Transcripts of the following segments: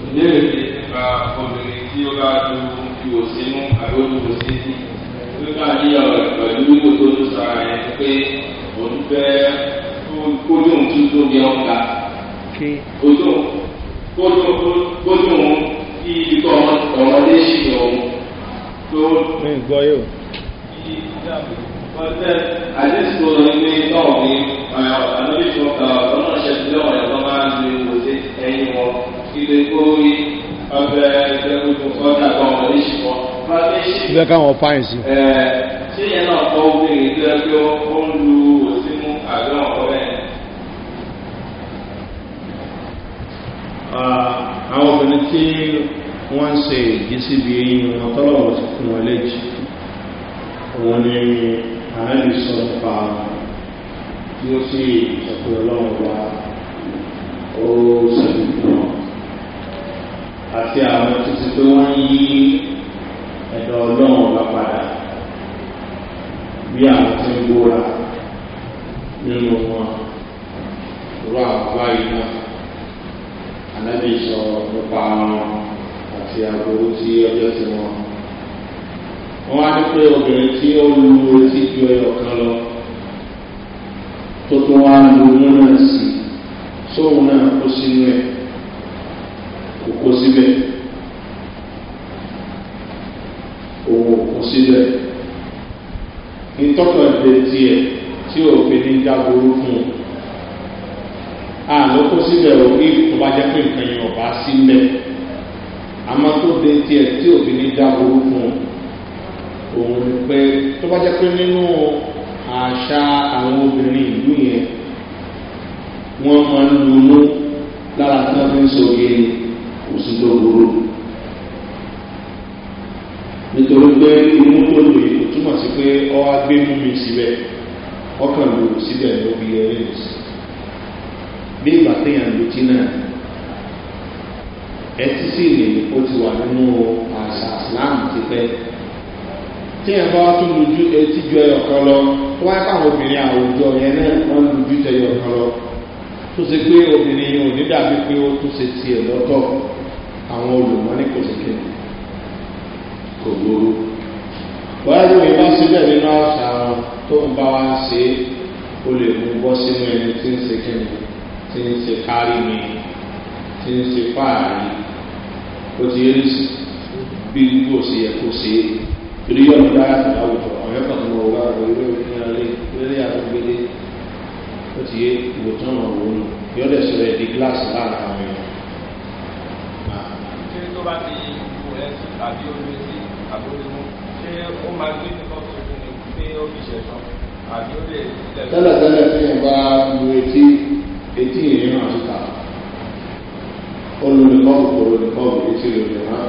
ìbéèrè mi nípa obìnrin tí ó bá du ihò sínú àbí ó dúró sínú nípa àníyàn rẹ̀ pẹ̀lú wíwò tó tó sara yẹn pé òun fẹ́ kójú òun tún tóbi ọ̀gá kójú òun kí ikọ̀ ọmọdé ṣì òun tó. mi gbọ́ yóò àdéhùn ọ̀rọ̀ ní náà ní àdébìsọ̀tà ọ̀nà ìṣẹ̀lẹ̀ ọ̀rẹ́ tó máa ń lo ẹyin wọn ìfẹ́ káwọn fáyìn sí. ṣé yẹn náà kọ́ obìnrin tó yẹ kí ó ń lu òsínú àbí ọ̀rọ̀ rẹ̀? àwọn obìnrin tí wọ́n ń ṣe èdè síbi eyín wọn tọ́lọ́wọ́ ti fún wọn léjì òun ni ànábì sọ nípa tí ó sì sọ pé ọlọ́run wa ó ṣàbí fún wọn àti àwọn títí pé wọ́n yí ẹ̀dọ̀ ọlọ́run ọba padà bí àwọn tí ń gbóra nínú wọn rọ àbúrò àyíká anábì sọ nípa wọn àti àbúrò tí ọjọ́ ti wọn. wọ́n wá ní pé obìnrin tí ó lu etí ju ẹyọ lọ tó tún wá lu múnà sí sóun náà kó sínú ẹ̀ síbẹ̀ owó kún síbẹ̀ ìtọ́kọ̀ ìdè tiẹ̀ tí òfin ní dáboró fún un àlọ́ kó síbẹ̀ ò ní kó bá jẹ́ pé nǹkan yẹn ọ̀bá síbẹ̀ àmọ́ tó dé tiẹ̀ tí òfin ní dáboró fún un òun ni pé tó bá jẹ́ pé nínú àṣà àwọn obìnrin ìlú yẹn wọ́n máa ń lunú lára tí wọ́n fi ń sọ gẹ́gẹ́ tó burú nítorí pé inú tó lè túmọ̀ sí pé ọ á gbé mú mi síbẹ̀ ọkàn lò síbẹ̀ ló fi yẹ lẹ́yìn sí bí ìgbà téèyàn lò tí náà ẹtí sì ni ó ti wà nínú àṣà láàmù tipẹ́ téèyàn bá wá tún lójú etí ju ẹyọ kan lọ tó wáyé káwọn obìnrin àwùjọ yẹn náà wọn lójú tẹyọ kan lọ tó ṣe pé obìnrin yìí ò ní dàbí pé ó tún ṣe tiẹ̀ lọ́tọ̀ àwọn olùmọ́ ní kò síkè kò gbóró bọ́lá ní òye bá síbẹ̀ nínú àṣà wọn tó ń bá wa ń ṣe é ó lè mú bọ́ sínú ẹni tí ń ṣe kíni tí ń ṣe kárí mi tí ń ṣe fáàrí ó ti yé bí gbogbo ṣe yẹ kó ṣe é torí yóò dá àwùjọ ọ̀yọ́ kan tó ń wọ ọ̀gá rẹ̀ lórí ìrìnàlẹ́ lórí àdúgbélé ó ti yé ìwòtán ọ̀hún yóò dẹ̀ sọ̀rọ̀ ẹ̀dí gíláàsì láàrin àwọn. àbí omi sí àbí omi mú ṣé ó máa gbé ní kọ́ọ̀tù fún mi pé ó fi ṣẹ̀tọ́ àbí ó lè sílẹ̀. tẹ́lẹ̀tẹ́lẹ̀ tí mo bá lu etí etí ìrìn náà síta olùdókòwò olùdókòwò etí ìrìn náà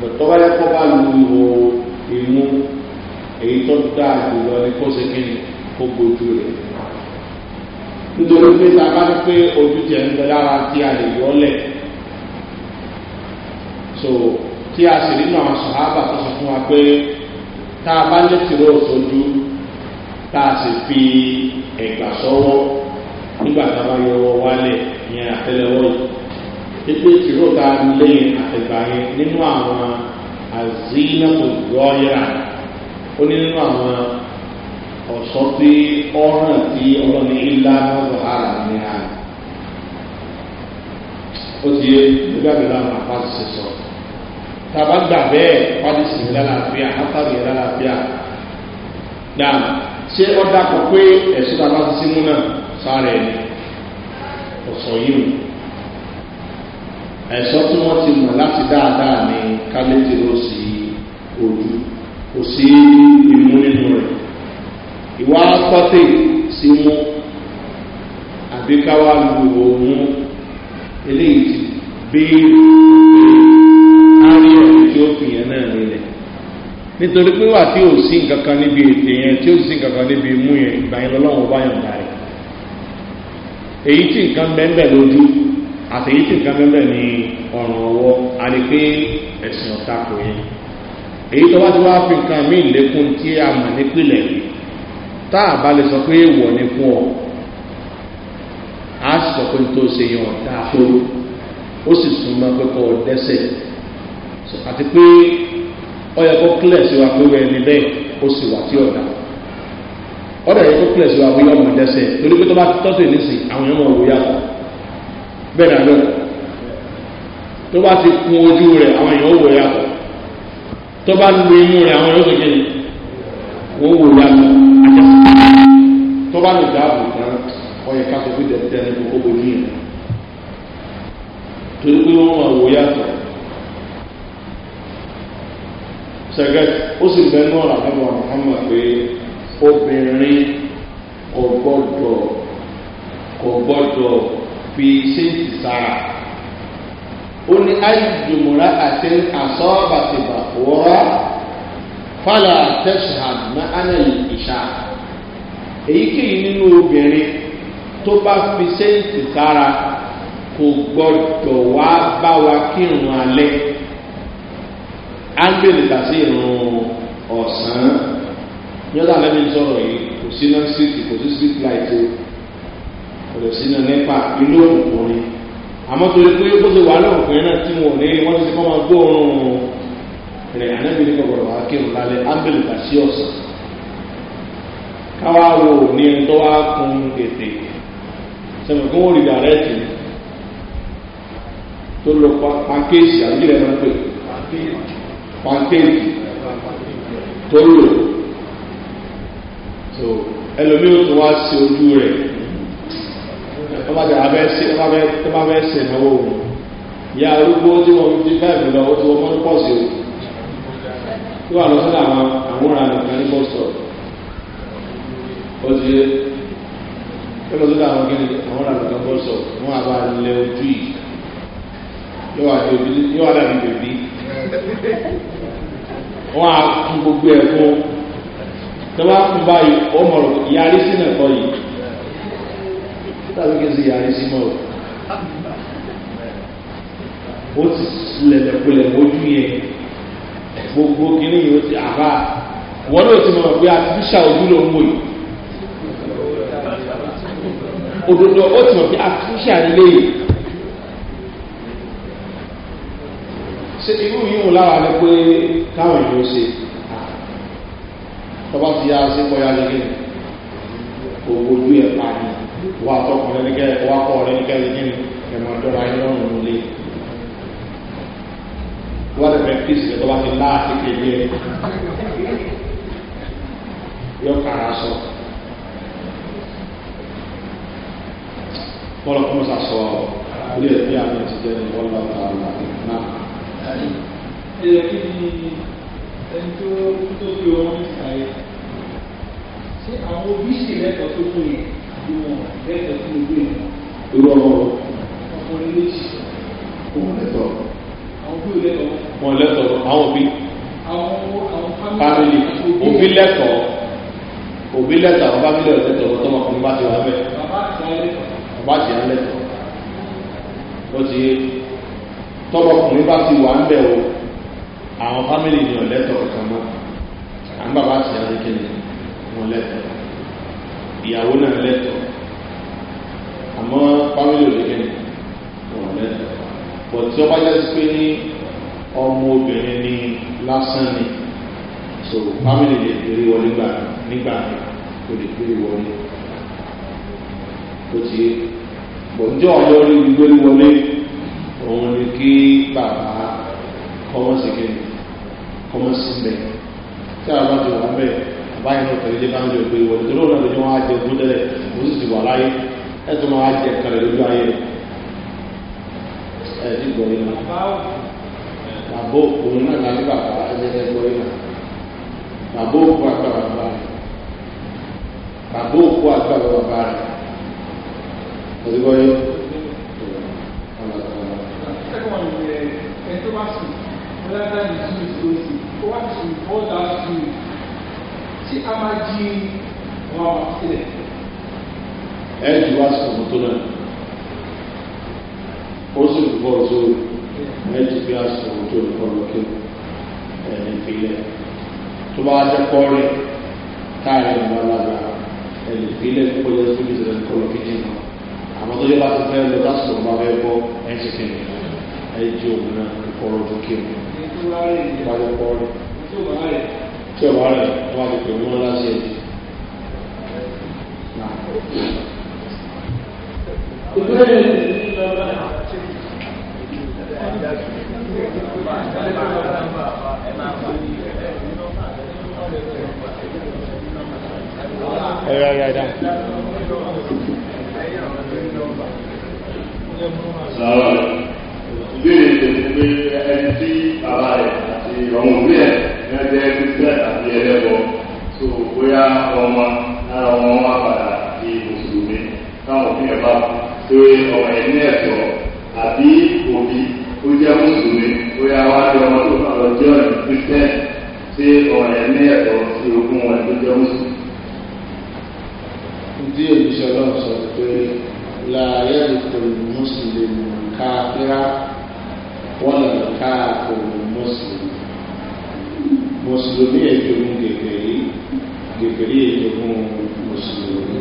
bọ̀tọ́ bá yẹ kó bá lu ihò imú èyí tó dáa jùlọ ní kó ṣe kí ni kó gbójú rẹ̀ nítorí pé ta bá pé ojú jẹ ń bẹ lára tí a lè yọ ọ lẹ̀ so tí a sì nínú àwọn sàhábà tó sọ fún wa pé tá a bá ní tìró òtòjú tá a sì fi ẹ̀gbà sọ́wọ́ nígbà tá a bá yọ ọwọ́ wálẹ̀ yẹn àtẹlẹwọ́ yìí pípé tìró tá lẹ́yìn àtẹ̀gbà yẹn nínú àwọn àzínàbò ó ní nínú àwọn ọ̀sọ́ tí ọ̀ràn tí ọlọ́ni ńlá náà lọ́ ara ní ara ó ti yé nígbà tí wọ́n á máa bá ti ṣe sọ̀rọ̀ tàbá gbà bẹ́ẹ̀ wádìí sì ń lálàáfíà hátàbí ń lálàáfíà dà ṣé ọ dàpọ̀ pé ẹ̀sùn tàbá ti símú náà sáré ọ̀sọ̀ yìí ẹ̀sọ́ tí wọ́n ti mọ̀ láti dáadáa ní kálẹ́tì ló sí ojú kò sí imú nínú rẹ̀ ìwà tọ́tì sí mú àbíkáwá lu òun eléyìí ti béèrè ọ̀rọ̀ tí ó fìyàn náà nílẹ̀ nítorí pé wà tí ò sí nǹkan kan níbi ètè yẹn tí ò sí nǹkan kan níbi imú yẹn ìgbà yẹn lọ́wọ́ bá yàn dá rẹ̀ èyí tí nǹkan bẹ́ẹ̀ lójú àti èyí tí nǹkan bẹ́ẹ̀ ní ọ̀ràn ọwọ́ a lè pé ẹ̀sìn ọ̀tá kò yẹn èyí tó bá ti wá fi nǹkan mí lékún tí a mọ̀ nípìnlẹ̀ yìí tá a bá lè sọ pé èèwọ̀ ni fún ọ a sì sọ pé tó ṣe yàn ọ̀tá tó ó sì súnmọ́ pé kọ́ ọ dẹ́sẹ̀ àti pé ọyọ kó kílẹ̀ sí wa pé wọ́n ẹni bẹ́ẹ̀ ó sì wà tí ọ̀dà ọ̀dà yẹ kó kílẹ̀ sí wa pé ọmọ dẹ́sẹ̀ torí pé tó bá tọ́sí nísìn àwọn ọmọ òwò yàtọ̀ bẹ́ẹ̀ náà bẹ́ẹ̀ tó bá ti kun ojú rẹ̀ àwọn èèyàn òwò yàtọ̀ tó bá lu imú rẹ̀ àwọn èèyàn òwò bẹ́ẹ̀ náà làbẹ́bọ̀ àmọ́ pé obìnrin kò gbọ́dọ̀ kò gbọ́dọ̀ fi ṣéǹtì sára ó ní ayélujára àti asọ́bàtìbà wọ́rọ́ fàlà tẹ̀sán máa ń ìṣá èyíkéyìí nínú obìnrin tó bá fi ṣéǹtì sára kò gbọ́dọ̀ wá bá wa kírun alẹ́ á ń gbèrè tàṣí ìrun ọ̀sán yọ́dà lẹ́mí sọ̀rọ̀ yìí kò sí náà síìtì kò sí síìtì láìpẹ́ kò lè sí náà nípa inú òkùnkùn ni àmọ́ torí pé bó ṣe wà lọ́wọ́ pé náà tí wọ́n ní wọ́n ti kọ́ máa gbọ́ ọ̀run rẹ̀ ànábì ní kọ̀ọ̀rọ̀ wá kírun lálẹ́ ábẹ́lì kà sí ọ̀sán káwá wo ní ẹni tó wá kun ètè sẹ́mi kí wọ́n rí dàrẹ́tì tó lọ pàkéèsì àbí rẹ̀ máa ń pè pàkéèsì tó lò tó ẹlòmíì ó tún wá sí ojú rẹ̀ ẹ má bẹ́ẹ̀ ẹ má bẹ́ẹ̀ sẹ̀ náwó o ìyá arúgbó tí wọ́n fi báyìí lọ ó ti wọ́n mọ́ ní pọ̀sì o tí wọ́n lọ sọ́dọ̀ àwọn àwọn ọ̀ràn nìkan ní pọ̀sọ̀ ó ti yẹ ó lọ sọ́dọ̀ àwọn kìnnì àwọn ọ̀ràn nìkan pọ̀sọ̀ wọ́n àbá lẹ ojú yìí yóò wá dàbí bèbí wọn á kún gbogbo ẹ̀ fún tó bá kún báyìí ó mọ̀rọ̀ yarí sí náà kọ́ yìí tàbí kí n sì yarí sí mọ́ o ti lẹ̀lẹ̀kulẹ̀ mójú yẹn gbogbo kìíní yìí ó ti àbá wọn náà ti mọ̀ pé àtúnṣà ojú ló ń wò òdodo ó ti mọ̀ pé àtúnṣà nílé yìí. ṣe irú yìí wò lára rẹ pé káwọn èèyàn ṣe tọ́ba ti yá sí bọ́yá lẹ́gẹ̀ owó ojú ẹ̀ pa ni wà á tọkàn rẹ nígẹ̀ wà á kọ́ rẹ nígẹ̀ lẹ́gẹ̀ ni ẹ̀mọ́ ìjọba yín lọ́rùn ló lé wọ́n ti fẹ́ kíìsì rẹ tọ́ba ti lá àti kéde ẹ̀ yọ kàrà sọ. Kọ́lọ̀ kọ́mọ́sà sọ ilé ẹ̀fí àmì ti jẹ́ ní wọ́n lọ́ta àwọn náà ẹ̀yẹ kí ni ẹni tó tó fi ọmọ ní sàyẹ ṣé àwọn òbí sì lẹ́kọ̀ọ́ tó fún yẹn àbí wọn lẹ́kọ̀ọ́ tó lè gbé yẹn. irú ọmọ wọn. ọkùnrin méjì. òun lẹ́tọ̀. àwọn òbí ò lẹ́tọ̀. wọn lẹ́tọ̀ àwọn òbí. àwọn àwọn fámìlì. òbí lẹ́tọ̀ òbí lẹ́tọ̀ àwọn fámìlì ò lẹ́tọ̀ tó ọmọkùnrin bá ti wà bẹ́ẹ̀. bàbá àti alẹ́tọ̀. bàbá àti alẹ́tọ̀. lọ́ọ́ tọ́lọ́kùnrin bá ti wà ń bẹ̀ o àwọn fámìlì ni ọ̀lẹ́tọ̀ kan náà àwọn bàbá àti ìyá kékeré wọn lẹ́tọ̀ ìyàwó náà lẹ́tọ̀ àmọ́ fámìlì òdekèrè wọn lẹ́tọ̀ bọ̀ tí wọ́n bá jẹ́ sí pé ní ọmọ obìnrin ni lásán ni so fámìlì lè kéré wọ nígbà nígbà tó lè kéré wọlé tó ti bọ̀ njọ́ ọ̀yọ́ rí wíwé wọlé òun ni kí bàbá kọ́mọ́ sí kí kọ́mọ́ sí bẹ̀ tí a bá ti wà bẹ̀ bàbá yìí náà tẹ̀lé bá ń lè pé ìwọ̀n ìdúró náà lójú wọn á jẹ gúdẹ̀lẹ̀ ó sì ti wà láyé ẹ̀tọ́ wọn á jẹ kẹrẹ̀ lójú ayé ẹ̀ dìgbò yìí náà bàbá òun náà láti bàbá ẹ̀jẹ̀ ẹ̀gbọ́ yìí náà bàbá òkú àgbàrá rẹ̀ bàbá òkú àgbàrá bàbá rẹ̀ ọ̀dùgbọ́ yìí. ẹni tó bá sùn ọlọ́dà ní sùn ìṣòro sí ó wá sùn ọ̀dà sùn tí a máa jí wọn sílẹ̀. ẹ jù wá sọ̀rọ̀ tó náà ó sì ń bọ̀ tó ẹ jù bí a sọ̀rọ̀ tó ń bọ̀ lókè ẹni ìpínlẹ̀ tó bá jẹ́ kọ́rin káàrin ìmọ̀ lára ẹni ìpínlẹ̀ púpọ̀ yẹn tó ní ìṣẹ̀lẹ̀ kọ́ lókè jìnnà àmọ́ tó yẹ bá ti fẹ́ lọ lásìkò bá fẹ́ bọ́ ẹ̀ ń ṣe kẹ́kẹ́ ẹ̀ jù òun náà ọ̀rọ̀ tó kí tí ọ̀bá rẹ̀ wá ti pè wọ́n láti ẹ̀ Ẹ̀rọ ayé àdá pé ẹni tí bàbá rẹ̀ àti ọmọ òbí ẹ̀ ẹ̀ jẹ́ christian àti ẹlẹ́bọ so bóyá ọmọ lára ọmọ wa padà di mùsùlùmí táwọn òbí ẹ̀ bá pé ọmọ ẹ̀ ní ẹ̀tọ́ àbí òbí ó jẹ́ mùsùlùmí bóyá wá di ọmọ tó bá lọ jẹ́ ọ̀nà christian tí ọmọ ẹ̀ ní ẹ̀tọ́ sí ogún wọn tó jẹ́ mùsùlùmí. Ndí èyí sọ sọ pé láàyè ètò ìmúsùlùmí káfíńà wọ́n lọ ká òun mùsùlùmí mùsùlùmí ètòun gègèrè gègèrè ètòun mùsùlùmí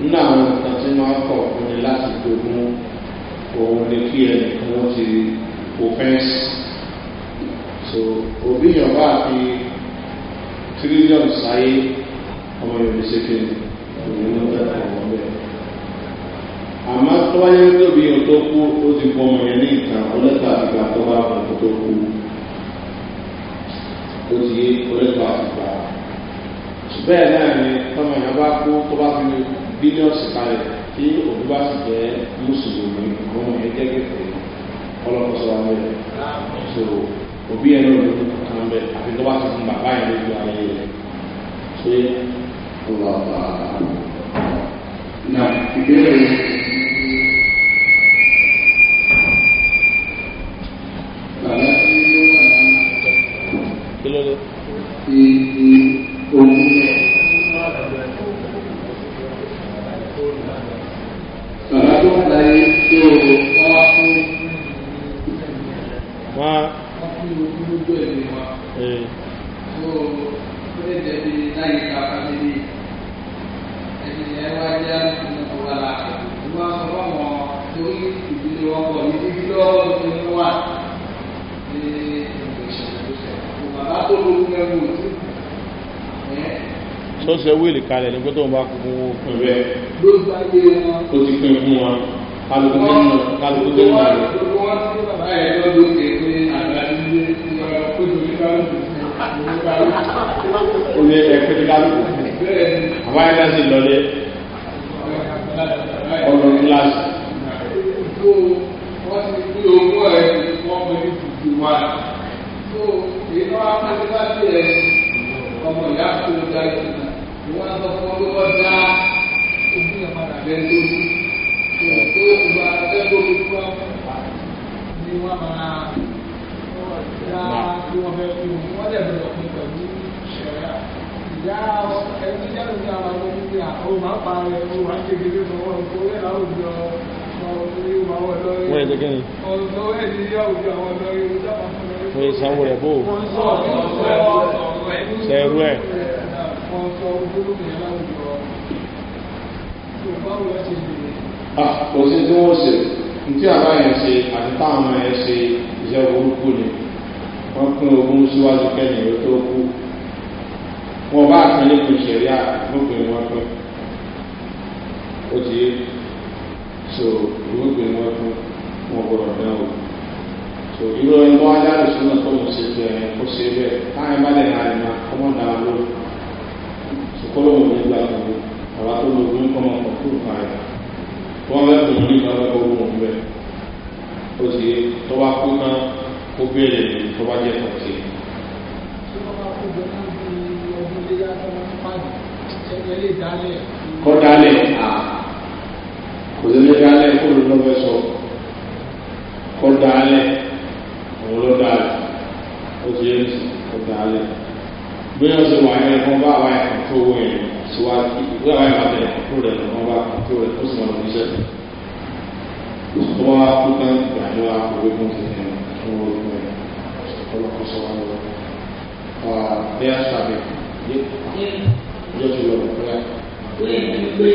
nínú àwọn nǹkan tí wọ́n kọ̀ fún ni láti dogun òun ni kí ẹnìkan wọ́n ti offense so òbí yàn bá fi tírílíọ̀nù sáyé ọmọ yorùbá ṣe kéde òun ló ń tẹ̀lé ọmọ bẹ́ẹ̀ àmọ́ tó bá yẹ kí obìnrin tó kú ó ti fọ ọmọ yẹn ní ìtàn ọlẹ́ta àgbà tó bá kú tó kú ó ti yé ọlẹ́ta àgbà. bẹ́ẹ̀ náà ni tọ́mọ yẹn bá kú tó bá fi bílíọ̀sì kalẹ̀ tí òbí bá sì jẹ́ mùsùlùmí ọmọ yẹn jẹ́ kẹfẹ́ ọlọ́kọ̀sọ wa bẹ́ẹ̀. so òbí yẹn ló ń kàn bẹ́ẹ̀ àfi tó bá ti fún bàbá yẹn lójú ayé rẹ̀ ṣé ọlọ́ọ̀bà náà ìbéèrè. lọ́wọ́ ti ní wà ní ìṣẹ̀lẹ̀ tó ṣẹlẹ̀ kò bàbá tó lókun ẹrù òtún sọ́sẹ̀ wíìlì kalẹ̀ ní pẹ́tọ́ bá kún owó fún rẹ̀ tó ti pín fún wọn kálukú nínú kálukú tó wà rẹ̀. o ní ẹ̀kú ti kálukú àwọn ẹ̀ka sì lọlé ọ̀nà kíláàsì ní ogún ẹ̀ wọ́n fún ní fifty one tó èyí wá pẹ́ẹ́lú bá tiẹ̀ ọmọ ìyá tó da ìtura ìwọ́n sọ fún ọlọ́wọ́ dá ojú ẹ̀ padà bẹ́ẹ̀ lórí tó ìgbà ẹgbẹ́ omi fún ọmọ ni wọ́n máa dá bí wọ́n fẹ́ fún un wọ́n dẹ̀ bẹ̀rẹ̀ ọ̀pọ̀ pẹ̀lú ìṣẹ̀rẹ́ ìyá ẹni jáde ní àwọn ọmọ nígbà ó máa ń parẹ́ ó máa ń ọmọ ìkórè àwọn òbí ọmọ wọ́n ẹ̀sẹ̀ kí ni wọ́n yẹ sanwó rẹ̀ bó sẹ́rú ẹ̀ kò tí wọ́n ṣe tí àbá yẹn ṣe àti táwọn ẹ̀ ṣe iṣẹ́ burúkú ni wọ́n pín ogún síwájú kẹ́yìn ló tó kú wọ́n bá àtúnlẹ̀kùn ìṣẹ̀rí àgbógbè wọn pín ó ti yé so irúgbìn náà fún wọn gbọdọ̀ náà o so irú ẹni wọn adáàlú sínú ẹ̀kọ́ mọ̀ sí ti ẹ̀yìn kó ṣe bẹ́ẹ̀ táyà bá lẹ̀ náà ẹ̀ máa kọ́mọ̀ náà ló sọkọ́lọ́ wọn ní gbà tó àwa tó lò ní kọ́mọ̀ kan fún ìfà rẹ̀ wọ́n bẹ́ẹ̀ tó ní ìfà rẹ̀ owó wọn bẹ́ẹ̀ o sì tọ́wá kú náà ó béèrè tọ́wá jẹ́ kọ̀ọ̀tì. kọ́ dálẹ̀ à kò sí lé dálẹ̀ kó ló lọ́ fẹ́ sọ kó dálẹ̀ òun ló dálẹ̀ ó ti yé ti kó dálẹ̀ bí wọ́n ti wà ní ẹ̀kọ́ bá àwọn ẹ̀kọ́ tó wọ̀ yẹn síwájú bí àwọn ẹ̀kọ́ tẹ̀ ẹ̀kọ́ tó rẹ̀ lọ́wọ́ bá ẹ̀kọ́ tó rẹ̀ ó sì máa lọ́ọ́ iṣẹ́ tó wá kú tán ìgbàdo àkọ́wé fún ti ẹ̀ fún orúkọ ẹ̀ ọlọ́kọ́ sọ wá lọ́wọ́ bẹ́ẹ̀ sàbẹ̀ yẹ ọjọ́ ti lọ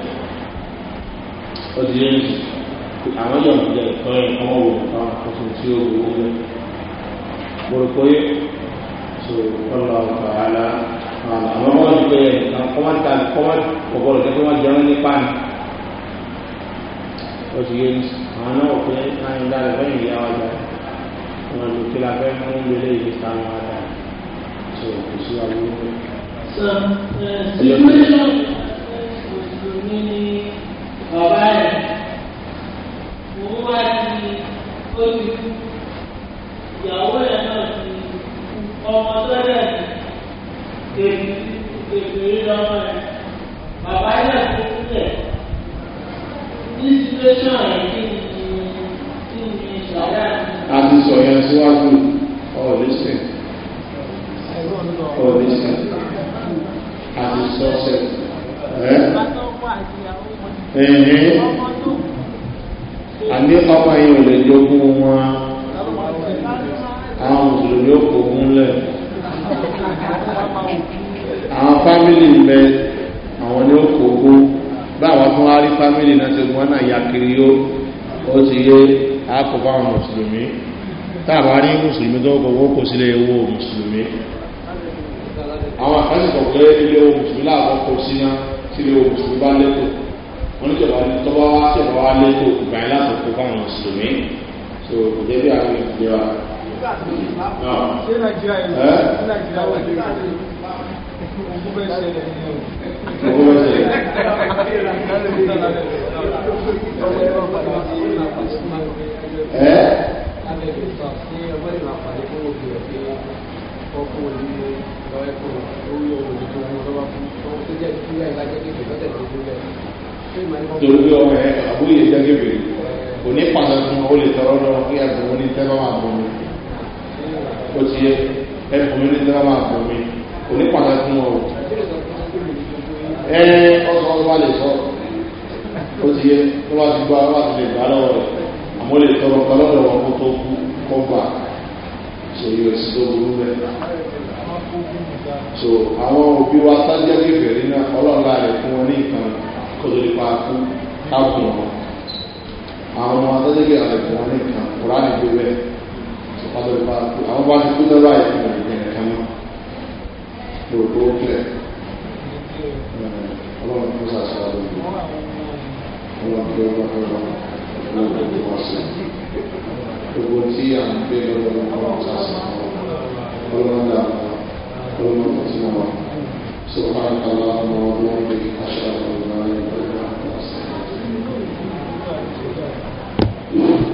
ó ti lé àwọn yọ̀ǹda ẹ̀kọ́ ẹ̀ kọ́ wò ká oṣù tí ó wò ó mo rò pé so ọlọ ọ̀tàlá àwọn ọmọ ìgbé ẹ̀ kọ́mọ́tà kọ́mọ́tà kọ́mọ́tà jẹun nípa ni ó ti lé àwọn náà pé láyé dáre fẹ́ ìyá wa jẹ wọn lò kí la fẹ́ mú ilé ìgbé ta wọn dáa so kò sí àbúrò. sọ ẹ ṣe ìgbésẹ̀. ọ̀sẹ̀dẹ̀ tèmi tèmi lọ́wọ́ rẹ̀ bàbá yẹn tó kú lẹ̀ àkọ́bá mùsùlùmí tàbá rí mùsùlùmí gọ́gọ́gọ́ kò sílé owó mùsùlùmí àwọn àkásìkọ̀ pé ilé owó mùsùlùmí láàkọ́kọ́ síná tí ilé owó mùsùlùmí bá lẹ́tọ̀ wọ́n ní tọ́ba tọ́ba wá sí ọ̀rọ̀ wá lẹ́tọ̀ ìgbà yẹn lákòókò fáwọn mùsùlùmí so kò débi àwọn ìjọba. ṣé nàìjíríà ẹ́. abẹ́bí sọ sí ọgbẹ́ ìwà pàdé fún òbí rẹ̀ pé ọkọ̀ òní lọ́ẹ̀kọ̀ lórí òwò tó ń lọ́wọ́ fún ọkọ̀ tó jẹ́ ìpínlẹ̀ ìbájẹ́ kékeré lọ́tẹ̀ tó gbúlẹ̀. torí ọmọ ẹ àbúlé jẹ́ kébèrè kò lè tọrọ ó ti yẹ ẹ fún ti yẹ tó ti lè gbà lọ́wọ́ rẹ̀. Mole lè tọrọ kọlọ́dọ̀ wọn kó tó kú kó gbà so yóò sì tó so àwọn òbí wa sájẹ́ kékeré náà ọlọ́ọ̀la rẹ̀ fún wọn ní nǹkan kó tó lè pa kú káàkùn wọn àwọn ọmọ adájọ́ kékeré rẹ̀ fún wọn ní nǹkan kúrò á nìgbé bẹ́ẹ̀ tó kó tó lè pa kú àwọn bá ti kú lọ́wọ́ àìsàn ìgbẹ́ nìkan náà yóò tó kílẹ̀ ọlọ́run kó sàṣà lórí ọlọ́run kó sàṣà lórí náà ló ní wọ́n sí. Gbogbo tí a ń gbé lọ́wọ́ ọlọ́run ta sí ọlọ́run dà tí wọ́n wà. Sọ́kàn kàlá ọmọ ọdún ọdún aṣáájú ọ̀gá ẹgbẹ̀rún àti ọ̀sán.